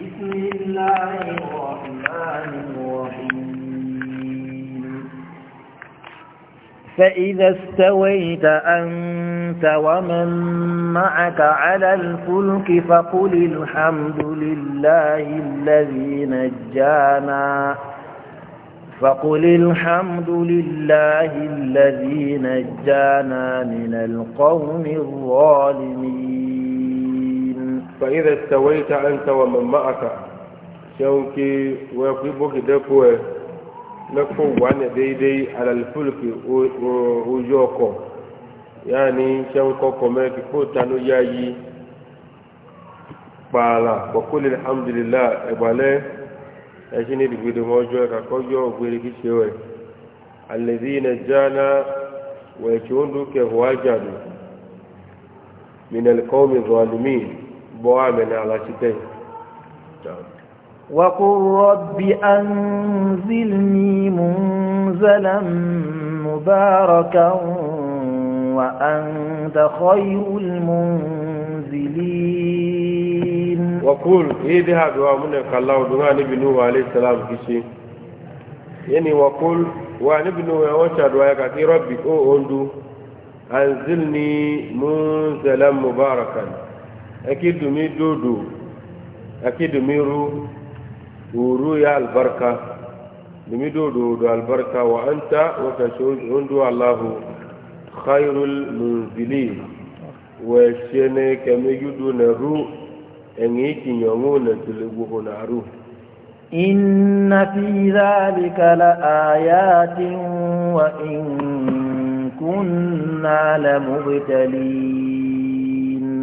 بسم الله الرحمن الرحيم فإذا استويت أنت ومن معك على الفلك فقل الحمد لله الذي نجانا فقل الحمد لله الذي نجانا من القوم الظالمين فإذا استويت أنت ومن معك شونكي ويقبك دكوة لكو وانا ديدي على الفلك وجوكو يعني شونكو كمك فوتانو ياي بالا وقل الحمد لله إبالي أشيني دقيدو موجوك أكوجو وقيركي شوي الذين جانا ويكون دوك هواجادو من القوم الظالمين بوامن على شتين وقل رب أنزلني منزلا مباركا وأنت خير المنزلين وقل إذا بوامنك الله دعا نبي نوح عليه السلام كشي يعني وقل ونبي نوح وشهد ويكاتي ربي أو أندو أنزلني منزلا مباركا akidumi dodo akidumi ru uru ya albarka dumi dodo do albarka wa anta wa tashhadu allahu khairul munzilin wa shene kamigudu na ru enyi kinyongu na tulugu na ru إن في ذلك لآيات وإن كنا لمبتلين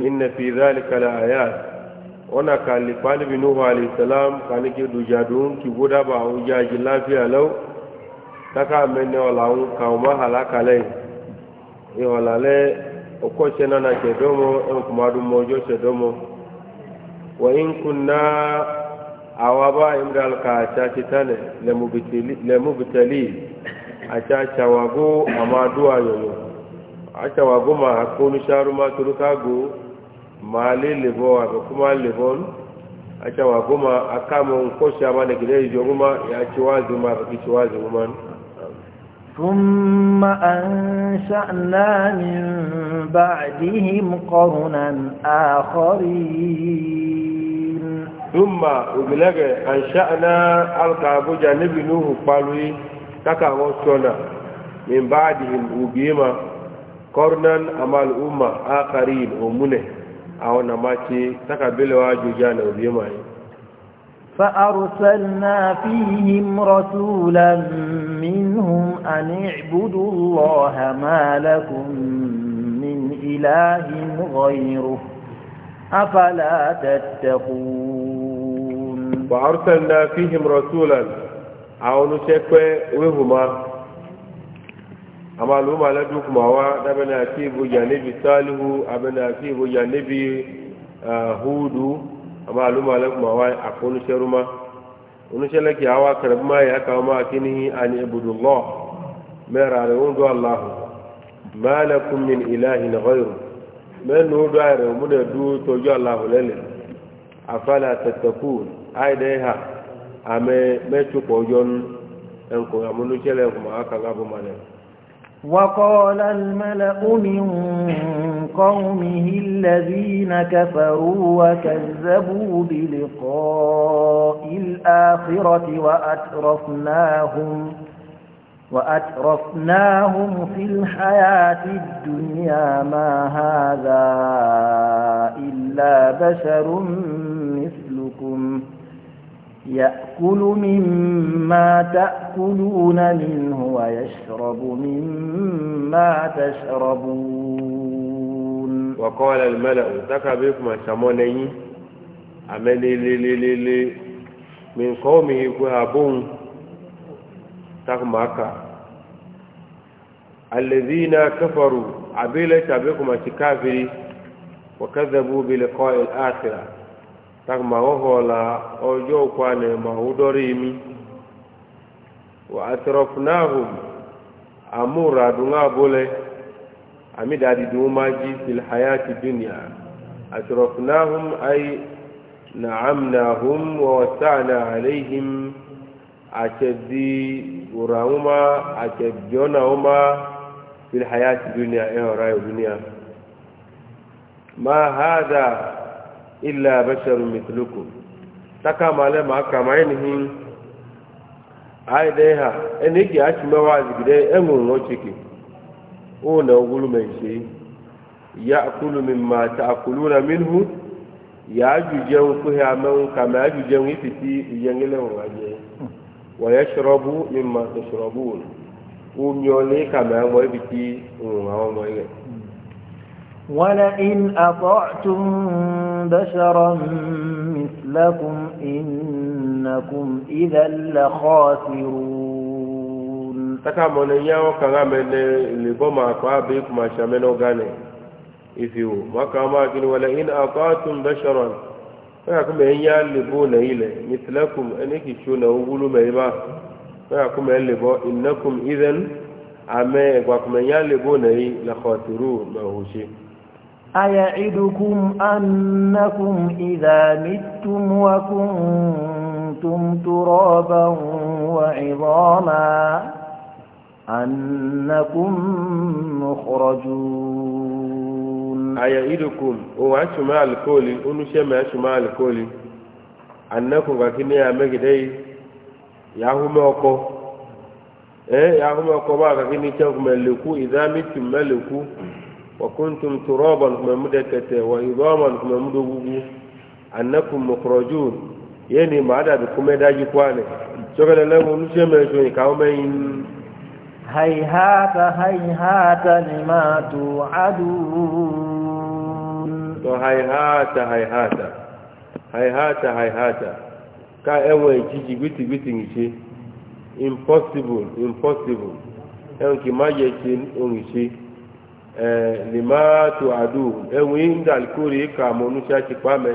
inna fi dhalika la ayat ona ka li palibi nuhu alayhi salam kani ki dujadun ki guda ba uja jilafi alau taka mene ola un ka uma halaka lai e ola le oko sena na chedomo en kuma du mojo chedomo wa in kunna awaba imdal ka cha kitane le mubitili le mubitali acha chawago amadu ayoyo acha wagoma akunu sharuma turukago maale lebo abe kuma lebon acha wa kuma akamo nkoshi amane gile joguma ya chiwazi ma abe chiwazi umani ثم أنشأنا من بعدهم قرنا آخرين ثم وبلغ أنشأنا القابو جانب نوح قالوا تكا وصونا من بعدهم وبيما قرنا أمال أمة آخرين أمونه àwọn nàmáṣe tákàbílẹ̀wà jùjá nà òbí ma yìí فأرسلنا فيهم رسولا منهم أن اعبدوا الله ما لكم من إله غيره أفلا تتقون فأرسلنا فيهم رسولا أعونوا شكوى وهما amma al'umma na dukumawa da bana fi buja nabi salihu abana fi buja nabi ah, hudu amma al'umma na kumawa a kunu sharuma wani shalaki hawa karbi ma ya kawo ma kinihi an ibudullah mai rarrahun zuwa allah ma lakum min ilahin ghairu mai nudu a rahimu da du tojo allah lalle afala tattaku ai dai ha a mai mai cikwajon ɗan kuma munushe laifin ma aka gaba mana وقال الملأ من قومه الذين كفروا وكذبوا بلقاء الآخرة وأترفناهم وأترفناهم في الحياة الدنيا ما هذا إلا بشر مثلكم يأكل مما تأكلون منه ويشرب مما تشربون وقال الملأ بكم سموني أمني لي لي لي لي من قومه كهابون تغمك الذين كفروا عبيلة بكم تكافري وكذبوا بلقاء الآخرة tak magogola ojo kwane mahudori mi wa atrafnahum amura dunga bole ami dadi duma ji fil hayati dunya atrafnahum ay na'amnahum wa wasa'na alaihim achedi urauma achediona uma fil hayati dunya e eh, rayu dunya ma hadha illa basharun mithlukum taka male ma kama inihi ai de ha eniki a chime wa zigide enwo nwo o na ogulu me se ya'kulu akulu na minhu ya juje ku ha ka kama juje wi fiti yengele wa je wa yashrabu mimma tashrabun o nyole kama mo fiti o ma mo ye ولئن أطعتم بشرا مثلكم إنكم إذا لخاسرون تكا تكامو نياو كغامي لبما قابيك ما شامنو غاني إذيو ما كاماكين ولئن أطعتم بشرا فيكم إن يالبون إلي مثلكم أنك شونا وقولوا ميبا فيكم إن لبو إنكم إذا أما يقواكم إن يالبون إلي لخاسرون ما هو شيء أيعدكم أنكم إذا متم وكنتم ترابا وعظاما أنكم مخرجون أيعدكم وأنتم الكل أنتم أنتم الكل أنكم وكني أمجدي يهوم أكو إيه يهوم أكو بقى كني تكمل لكو إذا متم لكو وكنتم ترابا كما مدكت وعظاما كما مدوغو أنكم مخرجون يعني ما عدا بكم داجي كواني شغل الله نشمع شوني كاومين هيهات هيهات لما توعدون هيهات هيهات هيهات هيهات ká ẹwọn ìjijì gbìtìgbìtì ìṣe impossible impossible ẹn kì má yẹ Eh, lima tu adu enwe eh, ndị alikori ka ma onu cha chikwa me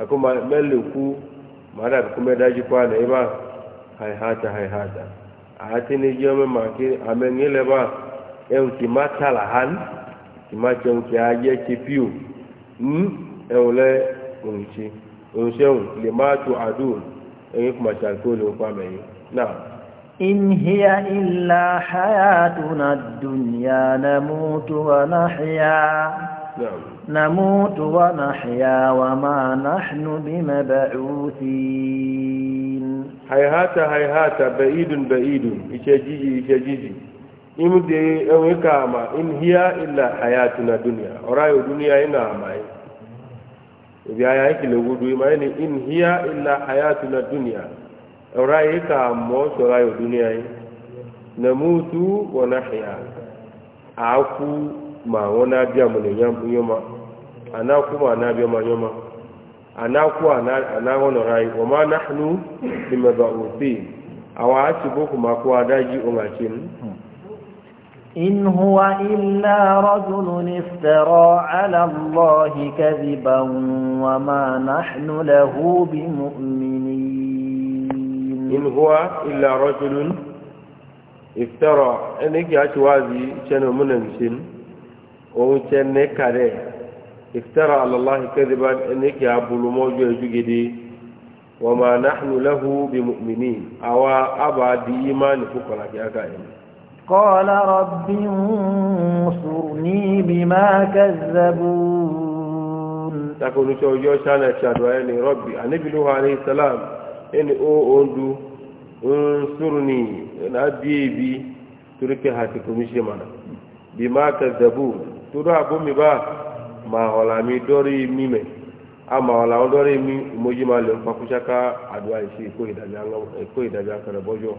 ako ma meleku ma da ko me daji kwa na iba hay hata hay hata ati ni jome ma ki amenye le ba en ti matala han ti ma chen ki aje ti piu n ewle onchi onse lima tu adu enwe kuma cha alikori kwa me na إن هي إلا حياتنا الدنيا نموت ونحيا نموت ونحيا وما نحن بمبعوثين هيهات هيهات بعيد بعيد إشجيجي إشجيجي إمدي أويكاما إن هي إلا حياتنا الدنيا أرأي الدنيا إنا أماي إذا هيك لو إن هي إلا حياتنا الدنيا ọ̀rá yìí kà mọ́ sọ̀rá yóò dúnìá yìí nàmútu wọn náà xìyà àákú mà wọn náà bí àmúlẹ̀ yọ̀mà ànákú mà náà bí ọmọ yọ̀mà ànákú ànáwọn ọ̀rá yìí máa náà ìmẹ̀bà òfin àwọn àti bókù máa kó adájí òun àti nù. إن هو إلا رجل افترى على الله كذبا وما نحن له بمؤمنين in huwa illa rajulun iftara ẹni kì í aṣọ wáàzì iṣẹ́ náà múnà nìṣin òun ṣe ní kàrẹ́ iftara alalahi kẹ́dìbá ẹni kì í abúlú mọ́jú ẹjú gidi wọ́n máa náhùn lẹ́hu bí mùmìnì àwa àbàdì ìmáàlì fúkọ̀lá kí á ká ẹni. قال رب انصرني بما كذبون تكون شوجو شانا شادواني ربي النبي له عليه السلام ene o ondu unsurni na bibi turke hati komishe mana bima kazzabu turu abumi ba ma hola mi dori mime ama hola dori mi moji ma le pa kushaka adwa ishi ko idaja ko idaja kare bojo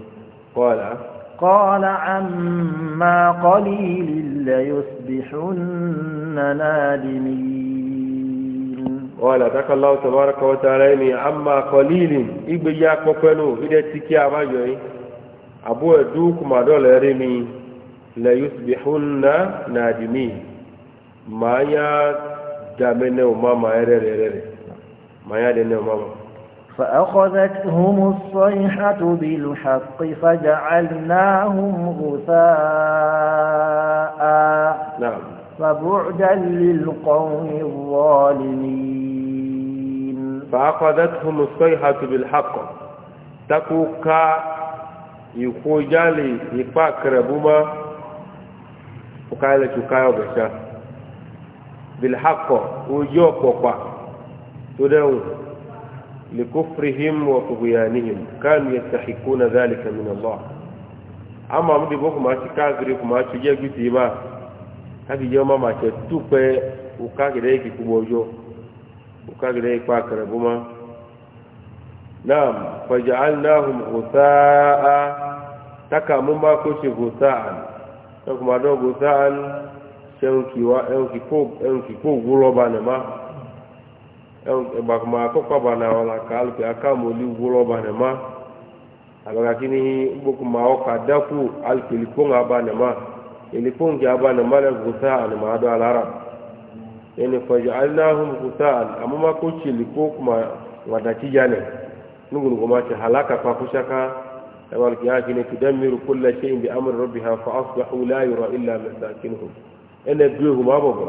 qala قال عما قليل ليصبحن نادمين wọ́n àtàkà láwọ́ tọ́báraka wọ́n tààrà ẹni àmà kọlíìlì ìgbéyà akọ́pẹ́nu ìdẹ́ tí kí a máa yọ yìí àbú ẹ̀dú kùmàdọ́lẹ̀ rí mi lẹ́yìn ṣùgbìhúnná nàdìmí màá yá dàmẹ́nẹ́ òmàmà ẹ̀rẹ́ rẹ̀ dẹ́nẹ́ òmàmà. فبعدا للقوم الظالمين فأخذتهم الصيحة بالحق تكوكا يخوجالي يفاكربوما وكايلة شكاية بشا بالحق وجوكوكا تدعو لكفرهم وطغيانهم كانوا يستحقون ذلك من الله أما أمدي بوكو ما تكاغريكو ما تجيبتي ما هذه يوم ما تتوبة وكاكي ريكي كبوجو وكاغري يكوا كربما نعم فجعلناهم غثاء تكا مما كوشي غثاء تكما دو غثاء شنكي وا انكي كو انكي كو غلوبا نما bakuma akɔkɔ bana wala k'alu pe aka moli wulɔ bana ma abakakini bokuma ɔka daku alu pe likpɔŋ aba nama likpɔŋ ki aba nama lɛ gusa anima do alara yani faj'alnahum qutaan amma ko ce liko kuma wada kijane nugun goma ce halaka fa kushaka wal kiyaki ne tudammiru kullu shay'in bi amri rabbiha fa asbahu la yura illa masakinuhum ene biyo goma bobo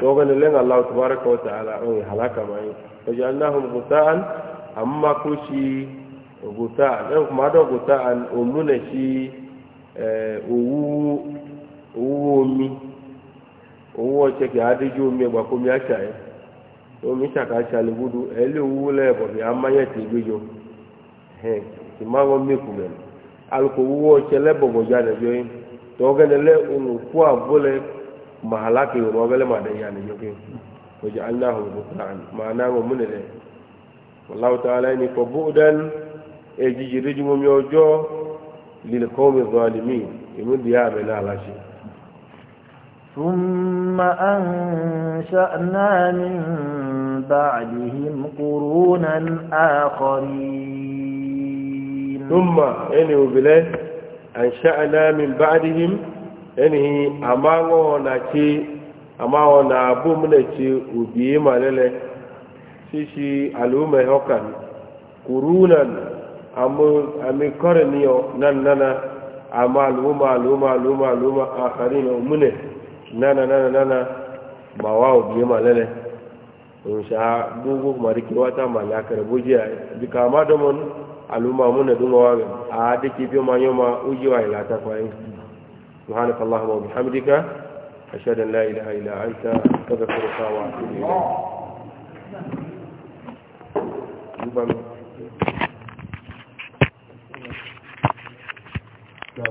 to ga ne len Allah tabaaraka wa ta'ala o halaka mai faj'alnahum qutaan amma ko ci gutaan dan kuma da gutaan umuna shi owu owu òun wọ́n ṣe kì í adéjú omi ẹgbà kó mi àṣà yẹ omi ṣàkà ṣàlẹ̀ wúdu ẹ lé owó lẹ́ẹ̀bọ̀ bí amáyẹ̀ tì í gbéjọ hẹ́n kì má wọ́n mẹ́kù mẹ́ alùpùpù owó ọṣẹ lẹ́bọ̀bọ̀ já nìjọ yín tọ́gẹ́ni lẹ́ òun kú àbólẹ̀ màhálà kiri wọn bẹ́lẹ̀ màdé yá nìjọ kí ọjà aláhùn bùkún màá náà wọn múnilẹ̀ wàláwùtà aláìní kọ bóódán èjìjì ríjúmọ́mi ọjọ́ lílẹ̀kọ́ mi zọ́ àlìmí ìmúdìyà àbẹ̀lẹ̀ ثم أنشأنا من بعدهم قرونا آخرين ثم إنه بلاد أنشأنا من بعدهم إنه أمامنا كي أمامنا أبو منكي وبيما لله شيشي ألومة هكذا قرونا أمي قرنيو نننا أما ألومة ألومة ألومة ألومة آخرين أمنه nana nana nana ba wa obiye ma lele in sha gugu mariki wata malakar bujiya duka ma da mun aluma mun da dunga waga a da ke biyo ma yoma uji wa ila ta kwayin subhanaka allahumma wa bihamdika ashhadu an la ilaha illa anta astaghfiruka wa atubu ilayk